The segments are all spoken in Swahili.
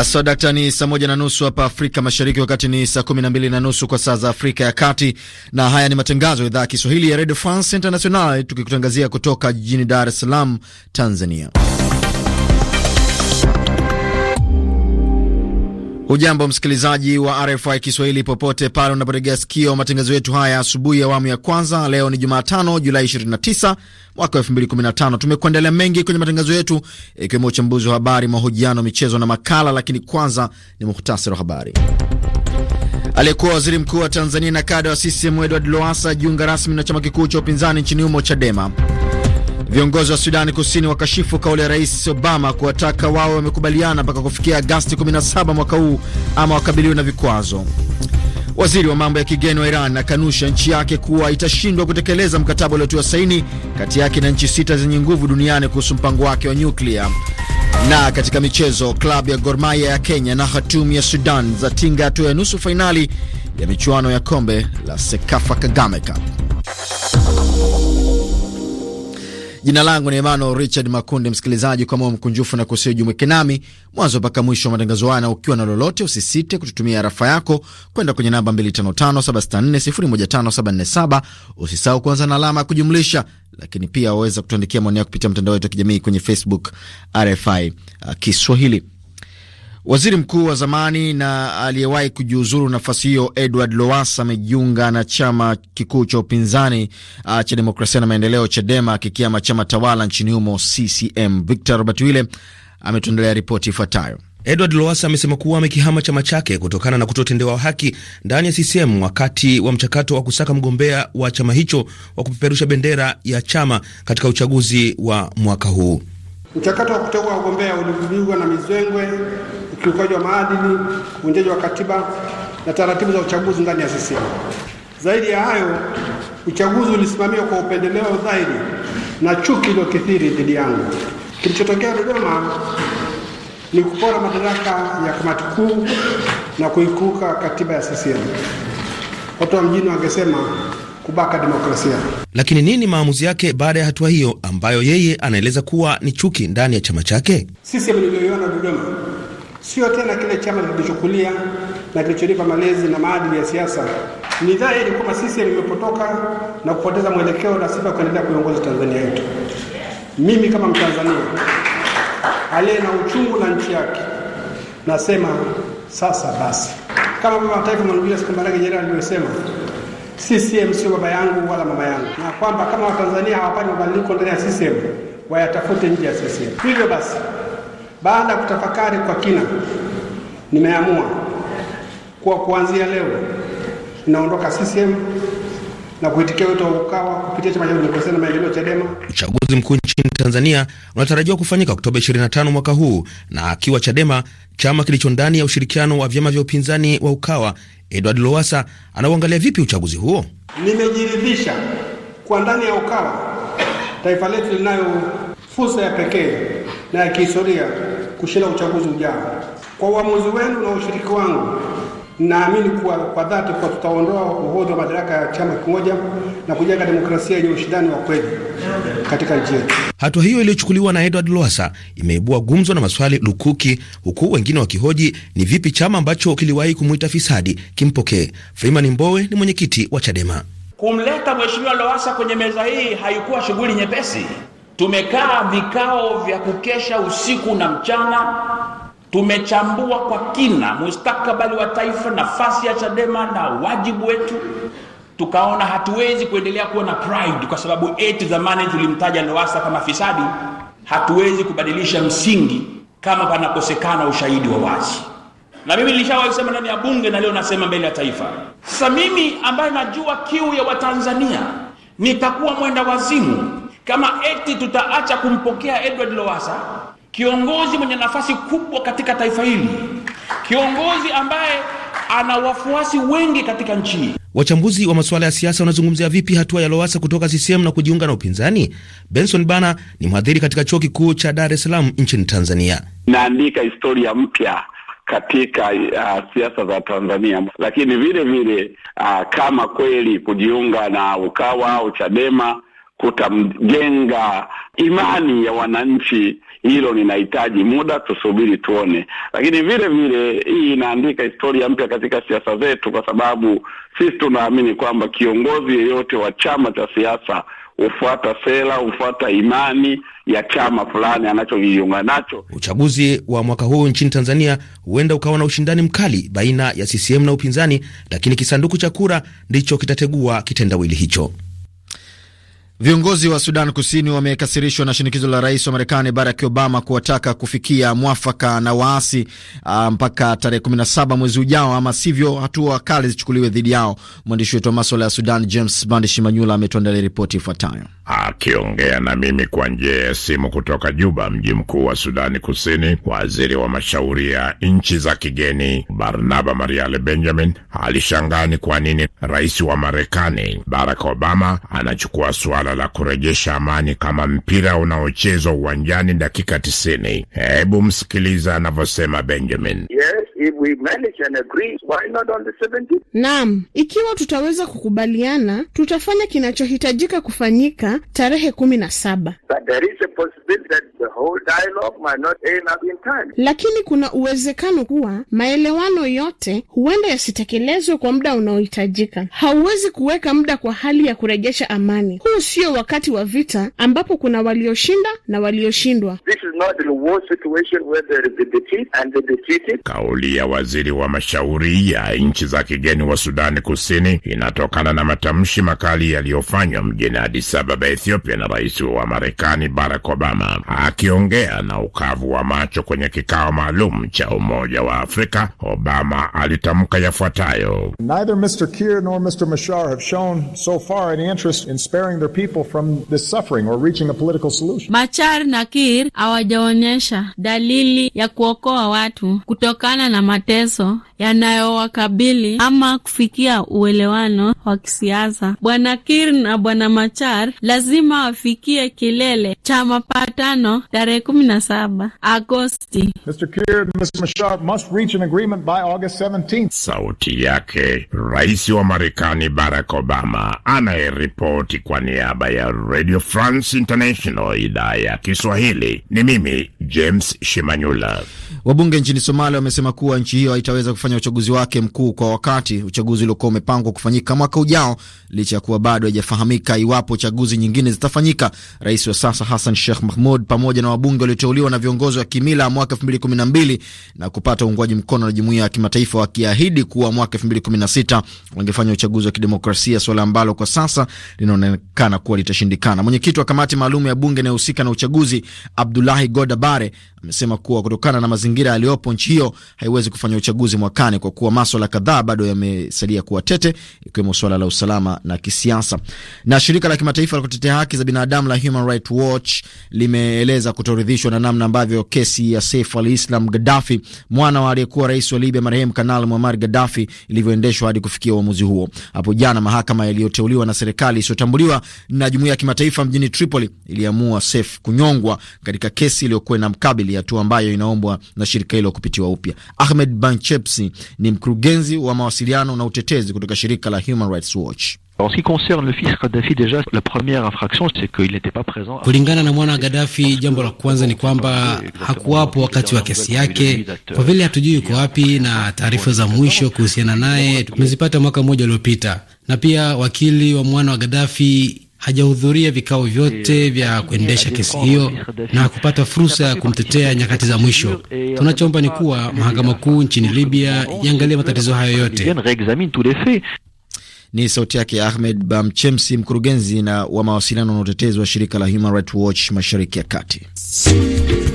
Ah, dakta, ni saa moja na nusu hapa Afrika Mashariki, wakati ni saa kumi na mbili na nusu kwa saa za Afrika ya Kati, na haya ni matangazo ya idhaa ya Kiswahili ya Radio France International, tukikutangazia kutoka jijini Dar es Salaam, Tanzania. Ujambo msikilizaji wa RFI Kiswahili popote pale unapotegea sikio matangazo yetu haya asubuhi ya awamu ya kwanza. Leo ni Jumatano, Julai 29 mwaka 2015. Tumekuandalia mengi kwenye matangazo yetu, ikiwemo uchambuzi wa habari, mahojiano, michezo na makala, lakini kwanza ni muhtasari wa habari. Aliyekuwa waziri mkuu wa Tanzania na kada wa CCM Edward Lowassa jiunga rasmi na chama kikuu cha upinzani nchini humo, Chadema. Viongozi wa Sudani Kusini wakashifu kauli ya Rais Obama kuwataka wao wamekubaliana mpaka kufikia Agasti 17 mwaka huu ama wakabiliwe na vikwazo. Waziri wa mambo ya kigeni wa Iran akanusha nchi yake kuwa itashindwa kutekeleza mkataba uliotiwa saini kati yake na nchi sita zenye nguvu duniani kuhusu mpango wake wa nyuklia. Na katika michezo, klabu ya Gor Mahia ya Kenya na Khartoum ya Sudan zatinga hatua ya nusu fainali ya michuano ya kombe la Sekafa Kagame Cup. Jina langu ni Emmanuel Richard Makundi. Msikilizaji, kwa moyo mkunjufu na kusiojumuike nami mwanzo mpaka mwisho wa matangazo haya, na ukiwa na lolote usisite kututumia rafa yako kwenda kwenye namba 255764015747. Usisahau kuanza na alama ya kujumlisha, lakini pia waweza kutuandikia maoni yako kupitia mtandao wetu wa kijamii kwenye Facebook RFI uh, Kiswahili. Waziri mkuu wa zamani na aliyewahi kujiuzuru nafasi hiyo Edward Lowassa amejiunga na chama kikuu cha upinzani uh, cha demokrasia na maendeleo Chadema, akikiama chama tawala nchini humo CCM. Victor Robert Wille ametuendelea ripoti ifuatayo. Edward Lowassa amesema kuwa amekihama chama chake kutokana na kutotendewa haki ndani ya CCM wakati wa mchakato wa kusaka mgombea wa chama hicho wa kupeperusha bendera ya chama katika uchaguzi wa mwaka huu. Mchakato wa kutoka wagombea ulivurugwa na mizwengwe ukiukaji wa maadili, uvunjaji wa katiba na taratibu za uchaguzi ndani ya CCM. Zaidi ya hayo, uchaguzi ulisimamiwa kwa upendeleo dhahiri na chuki iliyokithiri dhidi yangu. Kilichotokea Dodoma ni kupora madaraka ya kamati kuu na kuikuka katiba ya CCM. Watu wa mjini wangesema kubaka demokrasia. Lakini nini maamuzi yake baada ya hatua hiyo ambayo yeye anaeleza kuwa ni chuki ndani ya chama chake? CCM niliyoiona Dodoma sio tena kile chama kilichokulia na kilicholipa malezi na maadili ya siasa. Ni dhahiri kwamba sisi imepotoka na kupoteza mwelekeo na sifa kuendelea kuiongoza Tanzania yetu. Mimi kama Mtanzania aliye na uchungu na nchi yake nasema sasa basi, kama baba wa taifa Mwalimu Kambarage Nyerere alivyosema, CCM sio baba yangu wala mama yangu, na kwamba kama Watanzania hawapati mabadiliko ndani ya CCM wayatafute nje ya CCM. Hivyo basi baada ya kutafakari kwa kina, nimeamua kuwa kuanzia leo naondoka CCM na kuitikia wito wa UKAWA kupitia chama cha demokrasia na maendeleo CHADEMA. Uchaguzi mkuu nchini Tanzania unatarajiwa kufanyika Oktoba 25 mwaka huu, na akiwa CHADEMA, chama kilicho ndani ya ushirikiano wa vyama vya upinzani wa UKAWA, Edward Lowasa anauangalia vipi uchaguzi huo? Nimejiridhisha kwa ndani ya UKAWA taifa letu linayo fursa ya pekee na ya kihistoria kushinda uchaguzi ujao. Kwa uamuzi wenu na ushiriki wangu, naamini kuwa kwa dhati kuwa tutaondoa uhodhi wa madaraka ya chama kimoja na kujenga demokrasia yenye ushindani wa kweli katika nchi yetu. Hatua hiyo iliyochukuliwa na Edward Lowassa imeibua gumzo na maswali lukuki, huku wengine wakihoji ni vipi chama ambacho kiliwahi kumwita fisadi kimpokee. Freeman Mbowe ni mwenyekiti wa Chadema. Kumleta Mheshimiwa Lowassa kwenye meza hii haikuwa shughuli nyepesi tumekaa vikao vya kukesha usiku na mchana, tumechambua kwa kina mustakabali wa taifa, nafasi ya Chadema na wajibu wetu, tukaona hatuwezi kuendelea kuwa na pride kwa sababu eti zamani tulimtaja Lowassa kama fisadi. Hatuwezi kubadilisha msingi kama panakosekana ushahidi wa wazi na mimi nilishawahi kusema ndani ya bunge na leo nasema mbele ya taifa. Sasa mimi ambaye najua kiu ya Watanzania nitakuwa mwenda wazimu kama eti tutaacha kumpokea Edward lowasa kiongozi mwenye nafasi kubwa katika taifa hili, kiongozi ambaye ana wafuasi wengi katika nchi. Wachambuzi wa masuala ya siasa wanazungumzia vipi hatua ya lowasa kutoka CCM na kujiunga na upinzani? Benson Bana ni mhadhiri katika chuo kikuu cha Dar es Salaam nchini Tanzania. Naandika historia mpya katika uh, siasa za Tanzania, lakini vile vile uh, kama kweli kujiunga na Ukawa au Chadema kutamjenga imani ya wananchi, hilo linahitaji muda, tusubiri tuone. Lakini vile vile hii inaandika historia mpya katika siasa zetu, kwa sababu sisi tunaamini kwamba kiongozi yeyote wa chama cha siasa hufuata sera, hufuata imani ya chama fulani anachojiunga nacho. Uchaguzi wa mwaka huu nchini Tanzania huenda ukawa na ushindani mkali baina ya CCM na upinzani, lakini kisanduku cha kura ndicho kitategua kitendawili hicho. Viongozi wa Sudan Kusini wamekasirishwa na shinikizo la rais wa Marekani Barack Obama kuwataka kufikia mwafaka na waasi uh, mpaka tarehe 17 mwezi ujao, ama sivyo hatua kali zichukuliwe dhidi yao. Mwandishi wetu wa maswala ya Sudan James Bandi ametuandalia ripoti ifuatayo. Akiongea na mimi kwa njia ya simu kutoka Juba, mji mkuu wa Sudani Kusini, waziri wa mashauri ya nchi za kigeni Barnaba Mariale Benjamin alishangani kwa nini rais wa Marekani Barack Obama anachukua suala suala la kurejesha amani kama mpira unaochezwa uwanjani dakika tisini. Hebu msikiliza anavyosema Benjamin. Yes, Naam, ikiwa tutaweza kukubaliana tutafanya kinachohitajika kufanyika tarehe kumi na saba. Lakini kuna uwezekano kuwa maelewano yote huenda yasitekelezwe kwa muda unaohitajika. Hauwezi kuweka muda kwa hali ya kurejesha amani. Huu sio wakati wa vita ambapo kuna walioshinda na walioshindwa. Kauli ya waziri wa mashauri ya nchi za kigeni wa Sudani Kusini inatokana na matamshi makali yaliyofanywa mjini Addis Ababa, Ethiopia, na rais wa Marekani Barack Obama akiongea na ukavu wa macho kwenye kikao maalum cha Umoja wa Afrika. Obama alitamka yafuatayo: Neither Mr. Kiir nor Mr. have shown so far any interest in sparing their people people from this suffering or reaching a political solution. Machar na Kiir hawajaonyesha dalili ya kuokoa watu kutokana na mateso yanayowakabili ama kufikia uelewano wa kisiasa. Bwana kir na Bwana Machar lazima wafikie kilele cha mapatano tarehe kumi na saba Agosti. Sauti yake rais wa Marekani Barack Obama anayeripoti kwa niaba ya Radio France International idhaa ya Kiswahili. Ni mimi James Shimanyula. Wabunge nchini Somalia wamesema kuwa nchi hiyo haitaweza kufanya uchaguzi wake mkuu kwa wakati, uchaguzi uliokuwa umepangwa kufanyika mwaka ujao, licha ya kuwa bado haijafahamika iwapo chaguzi nyingine zitafanyika. Rais wa sasa Hassan Sheikh Mahmud pamoja na wabunge walioteuliwa na viongozi wa kimila mwaka 2012 na kupata uungwaji mkono na jumuiya ya kimataifa, wakiahidi kuwa mwaka 2016 wangefanya uchaguzi wa kidemokrasia, suala ambalo kwa sasa linaonekana kuwa litashindikana. Mwenyekiti wa kamati maalum ya bunge inayohusika na uchaguzi Abdulahi Godabare amesema kuwa kutokana na mazingira yaliyopo nchi hiyo haiwezi kufanya uchaguzi mwakani kwa kuwa maswala kadhaa bado yamesalia kuwa tete, ikiwemo swala la usalama na kisiasa. Na shirika la kimataifa la kutetea haki za binadamu la Human Rights Watch limeeleza kutoridhishwa na namna ambavyo kesi ya Saif al-Islam Gaddafi, mwana wa aliyekuwa rais wa Libya marehemu Kanali Muammar Gaddafi, ilivyoendeshwa hadi kufikia uamuzi huo. Hapo jana mahakama yaliyoteuliwa na serikali isiyotambuliwa na jumuiya ya kimataifa mjini Tripoli iliamua Saif kunyongwa katika kesi iliyokuwa inamkabili Kiswahili, hatua ambayo inaombwa na shirika hilo kupitiwa upya. Ahmed Banchepsi ni mkurugenzi wa mawasiliano na utetezi kutoka shirika la Human Rights Watch. Kulingana na mwana Gaddafi, jambo la kwanza ni kwamba hakuwapo wakati wa kesi yake, kwa vile hatujui yuko wapi, na taarifa za mwisho kuhusiana naye tumezipata mwaka mmoja uliopita, na pia wakili wa mwana wa Gaddafi hajahudhuria vikao vyote vya kuendesha kesi hiyo na kupata fursa ya kumtetea nyakati za mwisho. Eh, Tunachoomba ni kuwa mahakama kuu nchini Libya iangalie matatizo hayo yote. Ni sauti yake Ahmed Bamchemsi, mkurugenzi na wa mawasiliano na utetezi wa shirika la Human Rights Watch mashariki ya kati.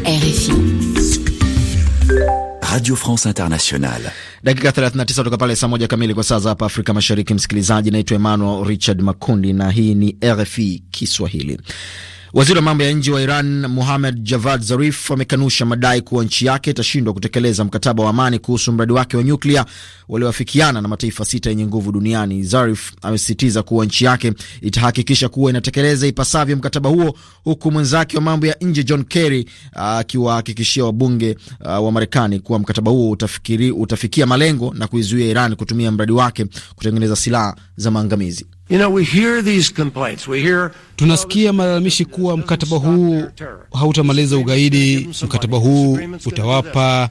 RFI Radio France Internationale dakika 39 kutoka pale saa moja kamili kwa saa za hapa Afrika Mashariki. Msikilizaji, naitwa Emmanuel Richard Makundi na hii ni RFI Kiswahili. Waziri wa mambo ya nje wa Iran muhamed Javad Zarif amekanusha madai kuwa nchi yake itashindwa kutekeleza mkataba wa amani kuhusu mradi wake wa nyuklia walioafikiana na mataifa sita yenye nguvu duniani. Zarif amesisitiza kuwa nchi yake itahakikisha kuwa inatekeleza ipasavyo mkataba huo, huku mwenzake wa mambo ya nje John Kerry uh, akiwahakikishia wabunge uh, wa Marekani kuwa mkataba huo utafikiri, utafikia malengo na kuizuia Iran kutumia mradi wake kutengeneza silaha za maangamizi. You know, we hear these complaints. We hear, tunasikia malalamishi kuwa mkataba huu hautamaliza ugaidi, mkataba huu utawapa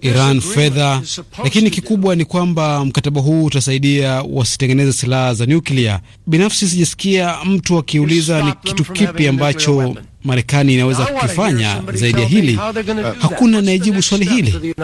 Iran fedha, lakini kikubwa ni kwamba mkataba huu utasaidia wasitengeneze silaha za nyuklia. Binafsi sijasikia mtu akiuliza ni kitu kipi ambacho Marekani inaweza kukifanya zaidi ya hili. Hakuna anayejibu swali hili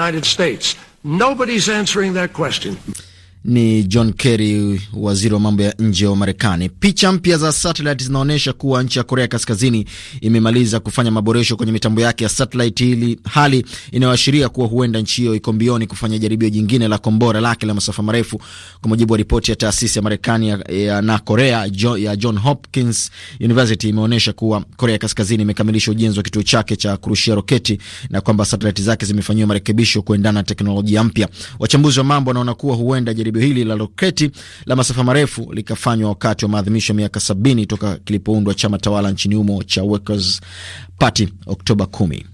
ni John Kerry, waziri wa mambo ya nje wa Marekani. Picha mpya za satellite zinaonyesha kuwa nchi ya Korea Kaskazini imemaliza kufanya maboresho kwenye mitambo yake ya satellite, hili hali inayoashiria kuwa huenda nchi hiyo iko mbioni kufanya jaribio jingine la kombora lake la masafa marefu, kwa mujibu wa ripoti ya taasisi ya Marekani ya, ya, na Korea jo, ya John Hopkins University. Imeonyesha kuwa Korea Kaskazini imekamilisha ujenzi wa kituo chake cha kurushia roketi na kwamba satellite zake zimefanyiwa marekebisho kuendana na teknolojia mpya. Wachambuzi wa mambo wanaona kuwa huenda Jaribio hili la roketi la masafa marefu likafanywa wakati wa maadhimisho ya miaka sabini toka kilipoundwa chama tawala nchini humo cha Workers Party Oktoba kumi.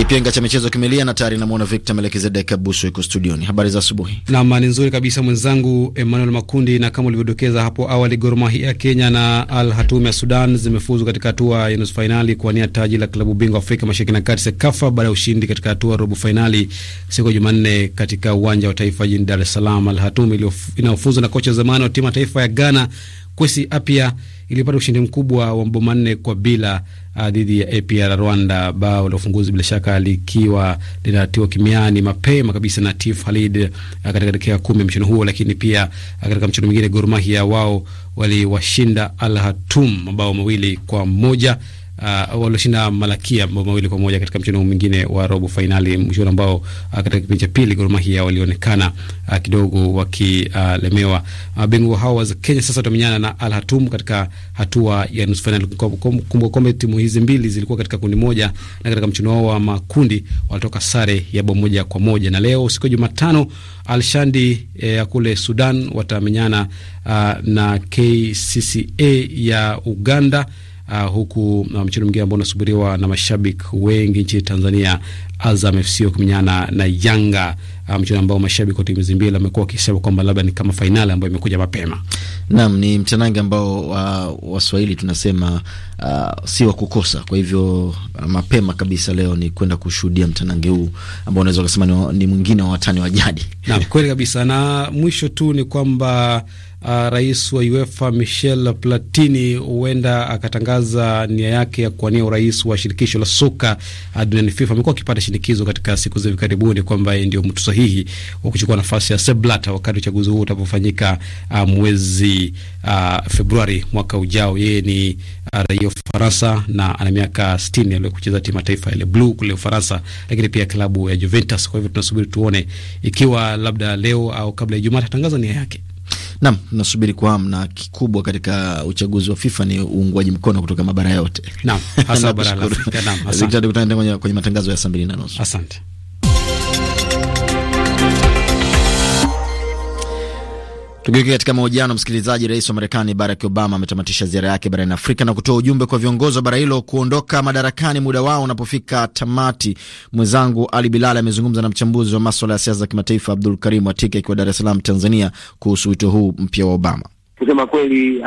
Kipenga cha michezo kimelia na tayari namwona Victor Melekizedek Abuso yuko studioni. Habari za asubuhi. Naam, ni nzuri kabisa mwenzangu Emmanuel Makundi, na kama ulivyodokeza hapo awali, Gor Mahia ya Kenya na Al Hatum ya Sudan zimefuzu katika hatua ya nusu fainali kuwania taji la klabu bingwa Afrika Mashariki na Kati SEKAFA, baada ya ushindi katika hatua robo fainali siku ya Jumanne katika uwanja wa taifa jijini Dar es Salaam. Al Hatum inayofuzwa na kocha zamani wa timu ya taifa ya Ghana Kwesi Apia ilipata ushindi mkubwa wa mabao manne kwa bila Uh, dhidi ya APR Rwanda, bao la ufunguzi bila shaka likiwa linatiwa kimiani mapema kabisa na Tif Halid uh, katika dakika kumi ya mchezo huo. Lakini pia uh, katika mchezo mwingine Gor Mahia wao waliwashinda Al Hatum mabao mawili kwa moja uh, walioshinda Malakia mabao mawili kwa moja katika mchezo mwingine wa robo fainali, mchezo ambao uh, katika kipindi cha pili Gor Mahia walionekana uh, kidogo wakilemewa. Uh, mabingwa uh, hao wa Kenya sasa watamenyana na Al Hatum katika hatua ya nusu fainali. Kumbuka kwamba timu hizi mbili zilikuwa katika kundi moja, na katika mchezo wao wa makundi walitoka sare ya bao moja kwa moja, na leo siku ya Jumatano Al Shandi eh, ya eh, kule Sudan watamenyana uh, na KCCA ya Uganda uh, huku uh, ah, mchezo mwingine ambao unasubiriwa na mashabiki wengi nchini Tanzania, Azam FC kumenyana na Yanga, uh, mchezo ambao mashabiki wa timu zimbili wamekuwa wakisema kwamba labda ni kama fainali ambayo imekuja mapema. Naam, ni mtanange ambao uh, Waswahili tunasema uh, si wa kukosa. Kwa hivyo uh, mapema kabisa leo ni kwenda kushuhudia mtanange huu ambao unaweza kusema ni, ni mwingine wa watani wa jadi. Naam, kweli kabisa, na mwisho tu ni kwamba uh, rais wa UEFA Michel Platini huenda akatangaza nia yake ya kuwania urais wa shirikisho la soka uh, duniani FIFA. Amekuwa akipata shinikizo katika siku za hivi karibuni kwamba yeye ndio mtu sahihi wa kuchukua nafasi ya Sepp Blatter wakati uchaguzi huu utapofanyika uh, mwezi uh, Februari mwaka ujao. Yeye ni uh, raia wa Ufaransa na ana miaka 60 aliyo kucheza timu taifa ile blue kule Ufaransa, lakini pia klabu ya Juventus. Kwa hivyo tunasubiri tuone ikiwa labda leo au kabla ya Ijumaa atatangaza nia yake. Nam, tunasubiri kwa hamu, na kikubwa katika uchaguzi wa FIFA ni uungwaji mkono kutoka mabara yote. Nam, hasa bara la Afrika. Nam, asante. Kwenye matangazo ya saa mbili na nusu. Asante. Tugeuke katika mahojiano, msikilizaji. Rais wa Marekani Barack Obama ametamatisha ziara yake barani Afrika na kutoa ujumbe kwa viongozi wa bara hilo kuondoka madarakani muda wao unapofika tamati. Mwenzangu Ali Bilal amezungumza na mchambuzi wa maswala ya siasa za kimataifa Abdul karimu Atike akiwa Dar es Salaam, Tanzania, kuhusu wito huu mpya wa Obama kusema kweli uh,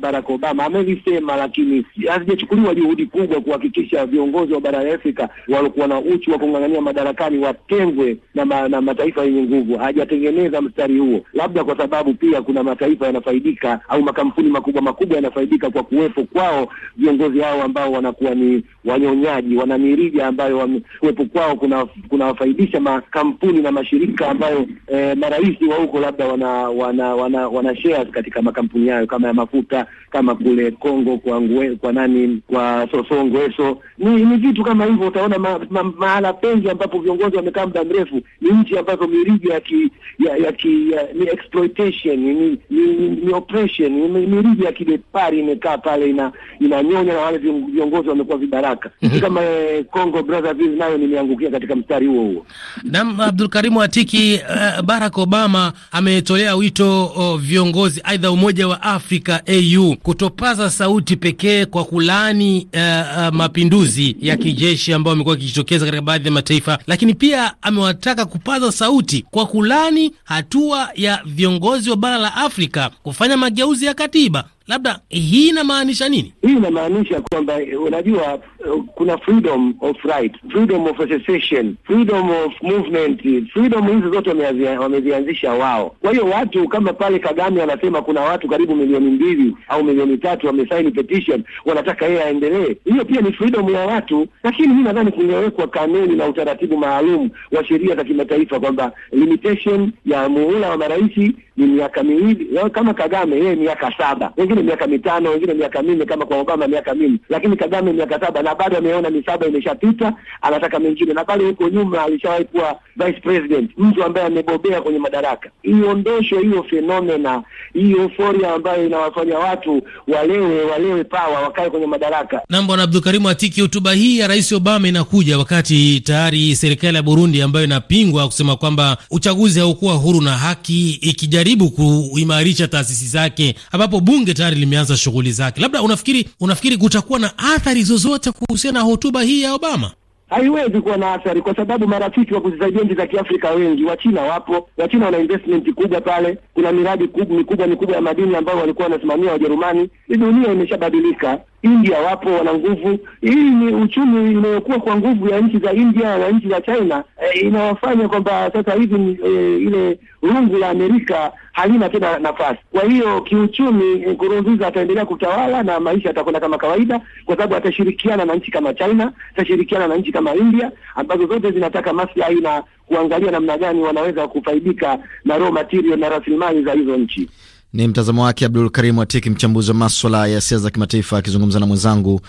Barack Obama amelisema, lakini hazijachukuliwa juhudi kubwa kuhakikisha viongozi wa bara la Afrika waliokuwa na uchu wa kung'ang'ania madarakani watengwe na, ma, na mataifa yenye nguvu. Hajatengeneza mstari huo, labda kwa sababu pia kuna mataifa yanafaidika au makampuni makubwa makubwa yanafaidika kwa kuwepo kwao viongozi hao ambao wanakuwa ni wanyonyaji, wana mirija ambayo kuwepo kwao kuna kunawafaidisha makampuni na mashirika ambayo eh, marais wa huko labda wana wana wana, wana shares katika katika makampuni hayo kama ya mafuta, kama kule Kongo kwa ngwe, kwa nani kwa Sosongweso. Ni ni vitu kama hivyo, utaona mahala ma, ma, pengi ambapo viongozi wamekaa muda mrefu. Ni nchi ambazo mirija ya ki, ya, ya, ki, ya ni exploitation ni ni, ni oppression ni mirija ya kibepari imekaa pale ina inanyonya, na wale viongozi wamekuwa vibaraka mhm. kama eh, Kongo Brazzaville nayo nimeangukia katika mstari huo huo. Naam, Abdul Karimu Atiki, uh, Barack Obama ametolea wito uh, viongozi fedha Umoja wa Afrika AU kutopaza sauti pekee kwa kulani uh, eh, uh, eh, mapinduzi ya kijeshi ambayo amekuwa akijitokeza katika baadhi ya mataifa, lakini pia amewataka kupaza sauti kwa kulani hatua ya viongozi wa bara la Afrika kufanya mageuzi ya katiba labda eh, hii inamaanisha nini? Hii inamaanisha kwamba eh, unajua, eh, kuna freedom of right, freedom of association, freedom of movement, freedom hizi zote wamezianzisha wao. Kwa hiyo watu kama pale Kagame anasema kuna watu karibu milioni mbili au milioni tatu wamesaini petition, wanataka yeye aendelee. Hiyo pia ni freedom ya watu, lakini mi nadhani kungewekwa kanuni na utaratibu maalum wa sheria za kimataifa kwamba limitation ya muhula wa marais ni miaka miwili kama Kagame yeye miaka saba, wengine miaka mitano, wengine miaka minne, kama kwa Obama miaka minne, lakini Kagame miaka saba, na bado ameona misaba imeshapita, anataka mengine. Na pale huko nyuma alishawahi kuwa vice president, mtu ambaye amebobea kwenye madaraka. Iondoshe hiyo fenomena, hiyo euphoria ambayo inawafanya watu walewe, walewe pawa, wakae kwenye madaraka. Na Bwana Abdulkarimu Atiki, hotuba hii ya Rais Obama inakuja wakati tayari serikali ya Burundi ambayo inapingwa kusema kwamba uchaguzi haukuwa huru na haki ikija kujaribu kuimarisha taasisi zake, ambapo bunge tayari limeanza shughuli zake. Labda unafikiri unafikiri kutakuwa na athari zozote kuhusiana na hotuba hii ya Obama? Haiwezi kuwa na athari kwa sababu marafiki wa kuzisaidia nchi za Kiafrika wengi, Wachina wapo, Wachina wana investment kubwa pale, kuna miradi mikubwa mikubwa ya madini ambayo walikuwa wanasimamia Wajerumani. Hii dunia imeshabadilika, India wapo wana nguvu. Hii ni uchumi inayokuwa kwa nguvu ya nchi za India na nchi za China e, inawafanya kwamba sasa hivi e, ile rungu la Amerika halina tena nafasi. Kwa hiyo kiuchumi, e, Nkurunziza ataendelea kutawala na maisha yatakwenda kama kawaida, kwa sababu atashirikiana na nchi kama China, atashirikiana na nchi kama India ambazo zote zinataka maslahi na kuangalia namna gani wanaweza kufaidika na raw material na rasilimali za hizo nchi. Ni mtazamo wake Abdul Karim Watiki, mchambuzi wa maswala ya siasa za kimataifa, akizungumza na mwenzangu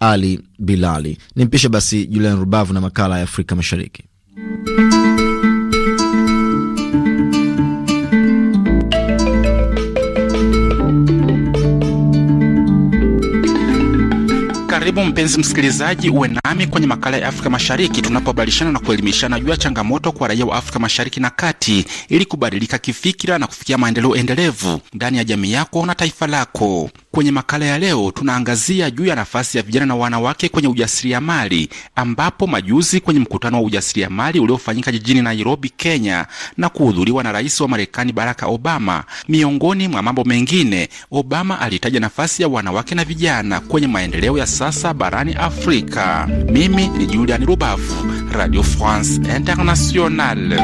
Ali Bilali. Ni mpishe basi Julian Rubavu na makala ya Afrika Mashariki. Karibu mpenzi msikilizaji, uwe nami kwenye makala ya Afrika Mashariki tunapobadilishana na kuelimishana juu ya changamoto kwa raia wa Afrika Mashariki na Kati ili kubadilika kifikira na kufikia maendeleo endelevu ndani ya jamii yako na taifa lako. Kwenye makala ya leo tunaangazia juu ya nafasi ya vijana na wanawake kwenye ujasiriamali, ambapo majuzi kwenye mkutano wa ujasiriamali uliofanyika jijini Nairobi, Kenya, na kuhudhuriwa na rais wa Marekani Barack Obama, miongoni mwa mambo mengine, Obama alitaja nafasi ya wanawake na vijana kwenye maendeleo ya sasa barani Afrika. Mimi ni Julian Rubavu, Radio France Internationale.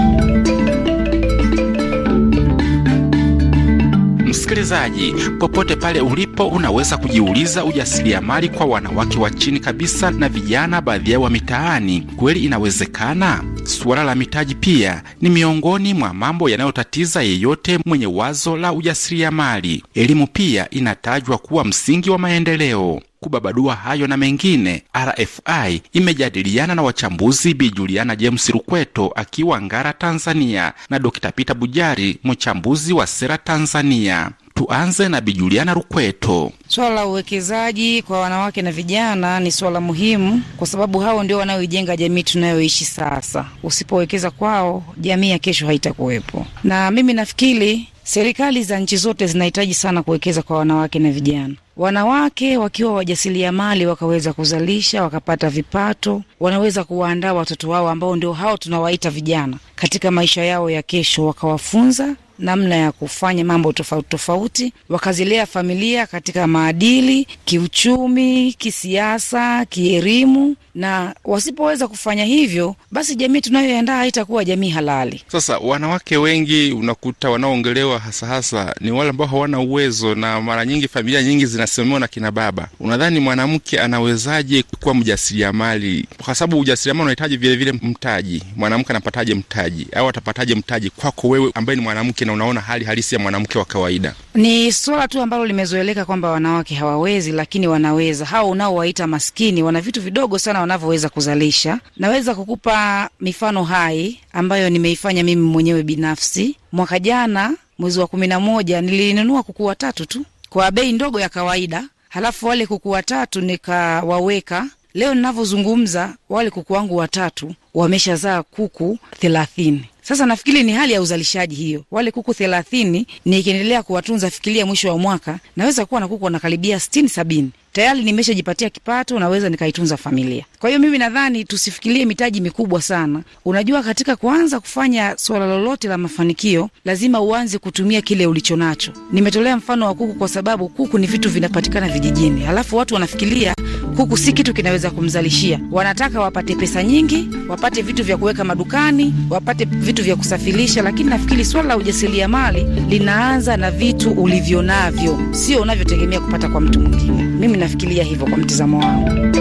Msikilizaji popote pale ulipo, unaweza kujiuliza ujasiriamali kwa wanawake wa chini kabisa na vijana, baadhi yao wa mitaani, kweli inawezekana? Suala la mitaji pia ni miongoni mwa mambo yanayotatiza yeyote mwenye wazo la ujasiriamali. Elimu pia inatajwa kuwa msingi wa maendeleo kubabadua hayo na mengine, RFI imejadiliana na wachambuzi Bi Juliana James Rukweto akiwa Ngara, Tanzania, na Dr Peter Bujari, mchambuzi wa sera Tanzania. Tuanze na Bi Juliana Rukweto. Swala la uwekezaji kwa wanawake na vijana ni swala muhimu, kwa sababu hao ndio wanaoijenga jamii tunayoishi sasa. Usipowekeza kwao, jamii ya kesho haitakuwepo. Na mimi nafikiri Serikali za nchi zote zinahitaji sana kuwekeza kwa wanawake na vijana. Wanawake wakiwa wajasiriamali wakaweza kuzalisha wakapata vipato, wanaweza kuwaandaa watoto wao ambao ndio hao tunawaita vijana katika maisha yao ya kesho, wakawafunza namna ya kufanya mambo tofauti tofauti, wakazilea familia katika maadili, kiuchumi, kisiasa, kielimu, na wasipoweza kufanya hivyo, basi jamii tunayoandaa haitakuwa jamii halali. Sasa wanawake wengi unakuta wanaoongelewa hasa hasa ni wale ambao hawana uwezo, na mara nyingi familia nyingi zinasimamiwa na kina baba. Unadhani mwanamke anawezaje kuwa mjasiriamali? Kwa sababu ujasiriamali unahitaji vilevile mtaji. Mwanamke anapataje mtaji, au atapataje mtaji kwako wewe ambaye ni mwanamke na unaona hali halisi ya mwanamke wa kawaida. Ni swala tu ambalo limezoeleka kwamba wanawake hawawezi, lakini wanaweza. Hao unaowaita maskini wana vitu vidogo sana wanavyoweza kuzalisha. Naweza kukupa mifano hai ambayo nimeifanya mimi mwenyewe binafsi. Mwaka jana mwezi wa kumi na moja nilinunua kuku watatu tu kwa bei ndogo ya kawaida, halafu wale kuku watatu nikawaweka Leo ninavyozungumza wale kuku wangu watatu wameshazaa kuku thelathini. Sasa nafikiri ni hali ya uzalishaji hiyo. Wale kuku thelathini nikiendelea kuwatunza, fikiria mwisho wa mwaka naweza kuwa na kuku wanakaribia sitini sabini tayari nimeshajipatia kipato, naweza nikaitunza familia. Kwa hiyo mimi nadhani tusifikirie mitaji mikubwa sana. Unajua, katika kuanza kufanya suala lolote la mafanikio, lazima uanze kutumia kile ulicho nacho. Nimetolea mfano wa kuku kwa sababu kuku ni vitu vinapatikana vijijini, alafu watu wanafikiria kuku si kitu kinaweza kumzalishia. Wanataka wapate pesa nyingi, wapate vitu vya kuweka madukani, wapate vitu vya kusafirisha. Lakini nafikiri swala la ujasiriamali linaanza na vitu ulivyonavyo, sio unavyotegemea kupata kwa mtu mwingine. Mimi nafikiria hivyo kwa mtizamo wangu.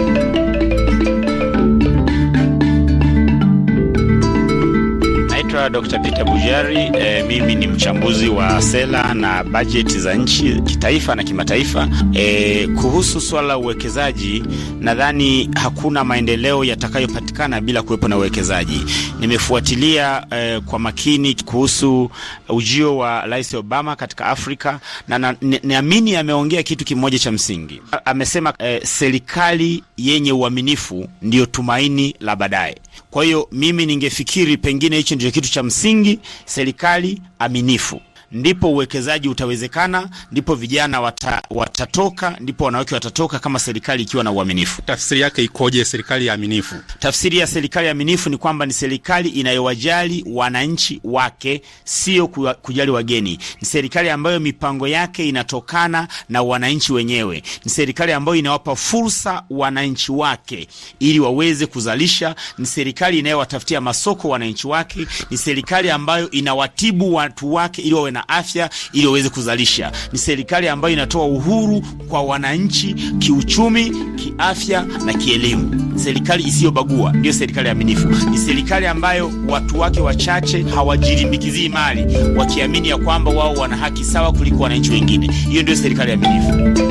naitwa Dr. Peter Bujari. E, mimi ni mchambuzi wa sera na bajeti za nchi kitaifa na kimataifa. E, kuhusu swala la uwekezaji, nadhani hakuna maendeleo yatakayopatikana bila kuwepo na uwekezaji. Nimefuatilia e, kwa makini kuhusu ujio wa Rais Obama katika Afrika na naamini ameongea kitu kimoja cha msingi. Amesema e, serikali yenye uaminifu ndiyo tumaini la baadaye. Kwa hiyo mimi ningefikiri pengine hichi ndicho kitu cha msingi, serikali aminifu ndipo uwekezaji utawezekana, ndipo vijana wata, watatoka, ndipo wanawake watatoka, kama serikali ikiwa na uaminifu. Tafsiri yake ikoje, serikali ya aminifu? Tafsiri ya serikali ya aminifu ni kwamba ni serikali inayowajali wananchi wake, sio kujali wageni. Ni serikali ambayo mipango yake inatokana na wananchi wenyewe. Ni serikali ambayo inawapa fursa wananchi wake ili waweze kuzalisha. Ni serikali inayowatafutia masoko wananchi wake. Ni serikali ambayo inawatibu watu wake ili wawe na afya ili waweze kuzalisha. Ni serikali ambayo inatoa uhuru kwa wananchi kiuchumi, kiafya na kielimu. Serikali isiyobagua ndiyo serikali aminifu. Ni serikali ambayo watu wake wachache hawajilimbikizii mali, wakiamini ya kwamba wao wana haki sawa kuliko wananchi wengine. Hiyo ndiyo serikali aminifu.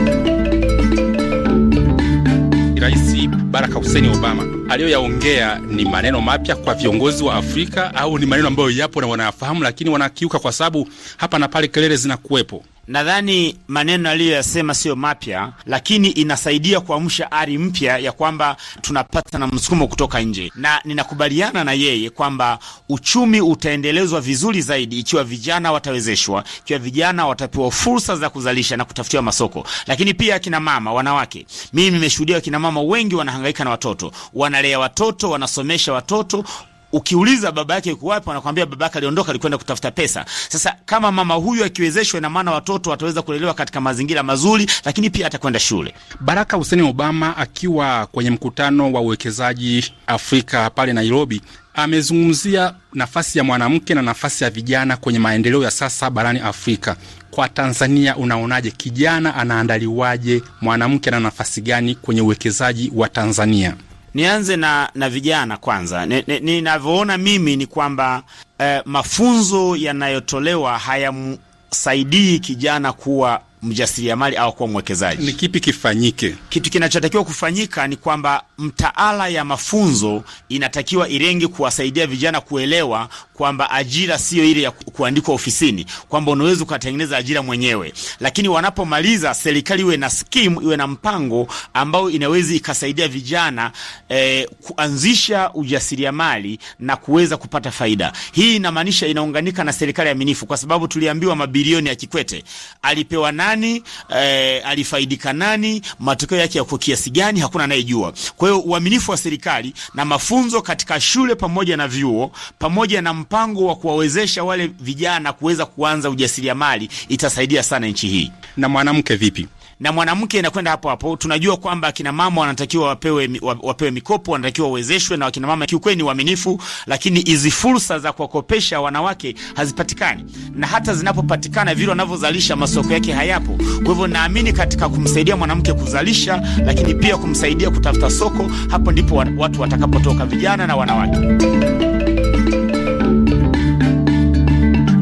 Rais Barack Hussein Obama aliyoyaongea ni maneno mapya kwa viongozi wa Afrika au ni maneno ambayo yapo na wanayafahamu, lakini wanakiuka, kwa sababu hapa na pale kelele zinakuwepo. Nadhani maneno aliyoyasema siyo mapya, lakini inasaidia kuamsha ari mpya ya kwamba tunapata na msukumo kutoka nje, na ninakubaliana na yeye kwamba uchumi utaendelezwa vizuri zaidi ikiwa vijana watawezeshwa, ikiwa vijana watapewa fursa za kuzalisha na kutafutiwa masoko, lakini pia akina mama, wanawake. Mimi nimeshuhudia akina mama wengi wanahangaika na watoto, wanalea watoto, wanasomesha watoto Ukiuliza baba yake yuko wapi, anakwambia baba yake aliondoka, alikwenda kutafuta pesa. Sasa kama mama huyu akiwezeshwa, ina maana watoto wataweza kulelewa katika mazingira mazuri, lakini pia atakwenda shule. Baraka Hussein Obama akiwa kwenye mkutano wa uwekezaji Afrika pale Nairobi amezungumzia nafasi ya mwanamke na nafasi ya vijana kwenye maendeleo ya sasa barani Afrika. Kwa Tanzania unaonaje, kijana anaandaliwaje? Mwanamke ana nafasi gani kwenye uwekezaji wa Tanzania? nianze na, na vijana kwanza. Ninavyoona ni, ni mimi ni kwamba eh, mafunzo yanayotolewa hayamsaidii kijana kuwa mjasiriamali au kuwa mwekezaji. Ni kipi kifanyike? Kitu kinachotakiwa kufanyika ni kwamba mtaala ya mafunzo inatakiwa irenge kuwasaidia vijana kuelewa kwamba ajira sio ile ya kuandikwa ofisini, kwamba unaweza ukatengeneza ajira mwenyewe, lakini wanapomaliza serikali iwe na skimu, iwe na mpango ambao inaweza ikasaidia vijana eh, kuanzisha ujasiriamali na kuweza kupata faida. Hii inamaanisha inaunganika na serikali aminifu, kwa sababu tuliambiwa mabilioni ya Kikwete alipewa nani, eh, alifaidika nani, matokeo yake yako kiasi gani, hakuna anayejua. Kwa hiyo uaminifu wa serikali na mafunzo katika shule pamoja na vyuo pamoja na mpango wa kuwawezesha wale vijana kuweza kuanza ujasiriamali itasaidia sana nchi hii. Na mwanamke vipi? na mwanamke inakwenda hapo hapo. Tunajua kwamba akina mama wanatakiwa wapewe, wapewe mikopo, wanatakiwa wawezeshwe, na wakina mama kiukweli ni waaminifu, lakini hizi fursa za kuwakopesha wanawake hazipatikani, na hata zinapopatikana vile wanavyozalisha masoko yake hayapo. Kwa hivyo naamini katika kumsaidia mwanamke kuzalisha, lakini pia kumsaidia kutafuta soko, hapo ndipo watu watakapotoka, vijana na wanawake.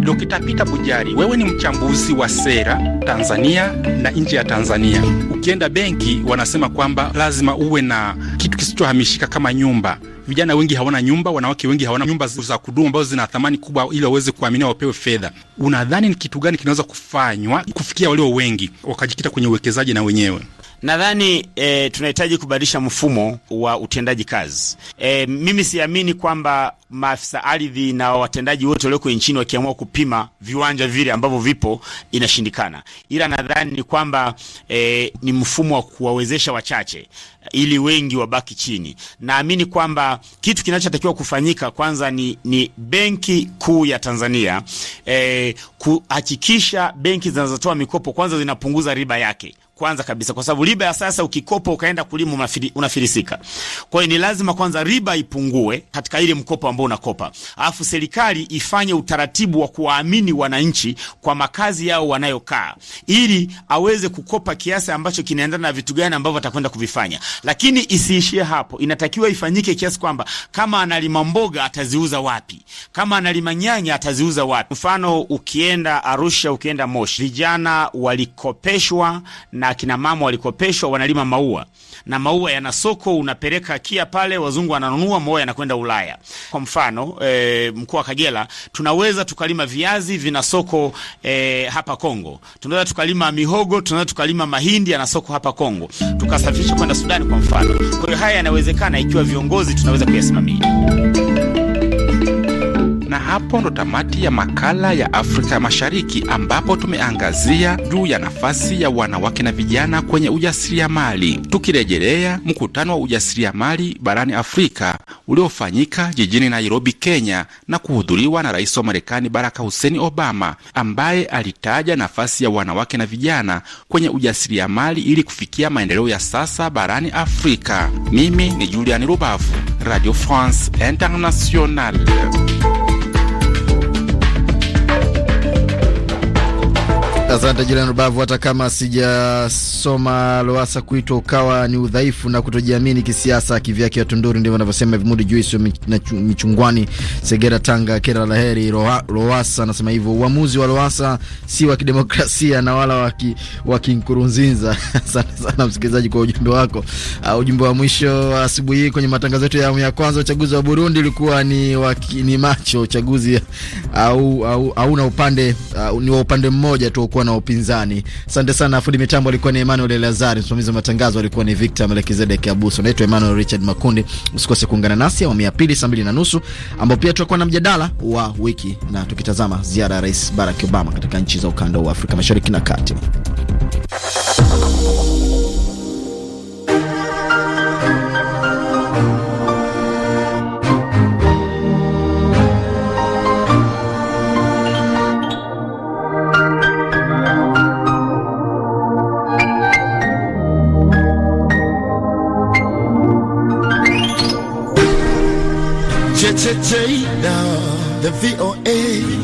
Dr. Peter Bujari, wewe ni mchambuzi wa sera Tanzania na nje ya Tanzania. Ukienda benki wanasema kwamba lazima uwe na kitu kisichohamishika kama nyumba. Vijana wengi hawana nyumba, wanawake wengi hawana nyumba za kudumu ambazo zina thamani kubwa ili waweze kuaminia wapewe fedha. Unadhani ni kitu gani kinaweza kufanywa kufikia walio wengi wakajikita kwenye uwekezaji na wenyewe? Nadhani e, tunahitaji kubadilisha mfumo wa utendaji kazi. E, mimi siamini kwamba maafisa ardhi na watendaji wote walioko nchini wakiamua kupima viwanja vile ambavyo vipo inashindikana, ila nadhani ni kwamba e, ni mfumo wa kuwawezesha wachache ili wengi wabaki chini. Naamini kwamba kitu kinachotakiwa kufanyika kwanza ni, ni Benki Kuu ya Tanzania e, kuhakikisha benki zinazotoa mikopo kwanza zinapunguza riba yake kwanza kabisa, kwa sababu riba ya sasa ukikopa ukaenda kulima unafilisika. Kwa hiyo ni lazima kwanza riba ipungue katika ile mkopo ambao unakopa, alafu serikali ifanye utaratibu wa kuwaamini wananchi kwa makazi yao wanayokaa, ili aweze kukopa kiasi ambacho kinaendana na vitu gani ambavyo atakwenda kuvifanya. Lakini isiishie hapo, inatakiwa ifanyike kiasi kwamba kama analima mboga ataziuza wapi, kama analima nyanya ataziuza wapi. Mfano, ukienda Arusha, ukienda Moshi, vijana walikopeshwa na na akina mama walikopeshwa, wanalima maua na maua yana soko, unapeleka KIA pale, wazungu wananunua, maua yanakwenda Ulaya. Kwa mfano e, mkoa wa Kagera tunaweza tukalima viazi, vina soko e, hapa Kongo. Tunaweza tukalima mihogo, tunaweza tukalima mahindi, yana soko hapa Kongo, tukasafirisha kwenda Sudani kwa mfano. Kwa hiyo haya yanawezekana ikiwa viongozi tunaweza kuyasimamia. Na hapo ndo tamati ya makala ya Afrika Mashariki, ambapo tumeangazia juu ya nafasi ya wanawake na vijana kwenye ujasiriamali, tukirejelea mkutano wa ujasiriamali barani Afrika uliofanyika jijini Nairobi, Kenya, na kuhudhuriwa na rais wa Marekani Barack Hussein Obama, ambaye alitaja nafasi ya wanawake na vijana kwenye ujasiriamali ili kufikia maendeleo ya sasa barani Afrika. Mimi ni Julian Rubavu, Radio France Internationale. Asante Julian Rubavu. Hata kama sijasoma Loasa kuitwa ukawa ni udhaifu na kutojiamini kisiasa, kivyake ya Tunduru, ndivyo anavyosema Vimudi Juisi na Michungwani, Segera, Tanga. Kera la heri Loasa anasema hivyo. Uamuzi wa Loasa si wa kidemokrasia na wala wa Kinkurunzinza. Asante sana msikilizaji kwa ujumbe wako. Uh, ujumbe wa mwisho asubuhi hii kwenye matangazo yetu ya awamu ya kwanza, uchaguzi wa Burundi ulikuwa ni, ni macho uchaguzi au, au, au, au na upande, uh, ni wa upande mmoja tu kuwa na upinzani. Asante sana. Fundi mitambo alikuwa ni Emmanuel Lazari, msimamizi wa matangazo alikuwa ni Victor melkizedek Abuso. Naitwa Emmanuel Richard Makundi. Usikose kuungana nasi awamu ya pili saa mbili na nusu ambao pia tutakuwa na mjadala wa wiki na tukitazama ziara ya Rais Barack Obama katika nchi za ukanda wa Afrika Mashariki na Kati. the VOA.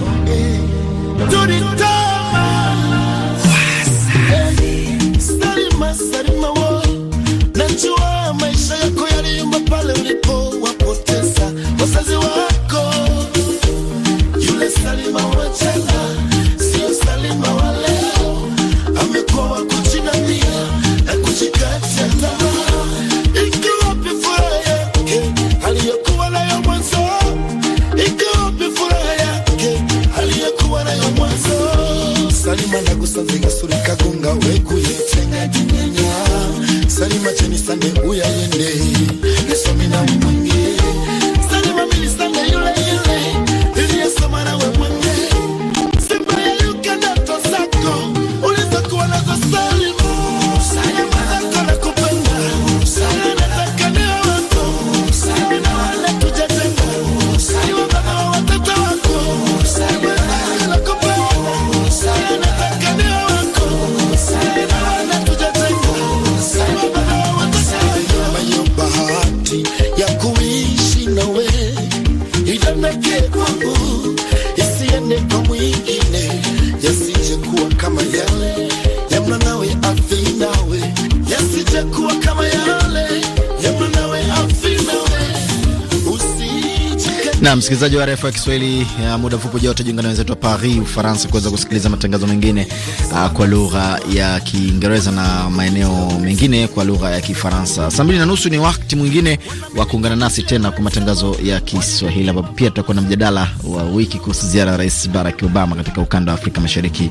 na msikilizaji wa refu ya Kiswahili, eh, muda mfupi ujao utajiunga na wenzetu wa Paris, Ufaransa, kuweza kusikiliza matangazo mengine uh, kwa lugha ya Kiingereza na maeneo mengine kwa lugha ya Kifaransa. Saa mbili na nusu ni wakati mwingine wa kuungana nasi tena kwa matangazo ya Kiswahili, ambapo pia tutakuwa na mjadala wa wiki kuhusu ziara ya Rais Barack Obama katika ukanda wa Afrika Mashariki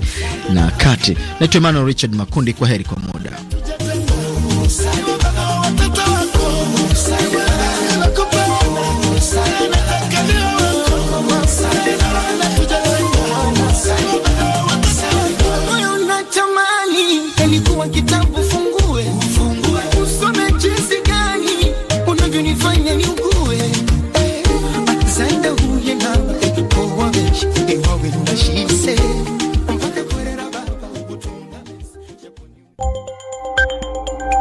na Kati. Naitwa Emmanuel Richard Makundi, kwa heri kwa muda.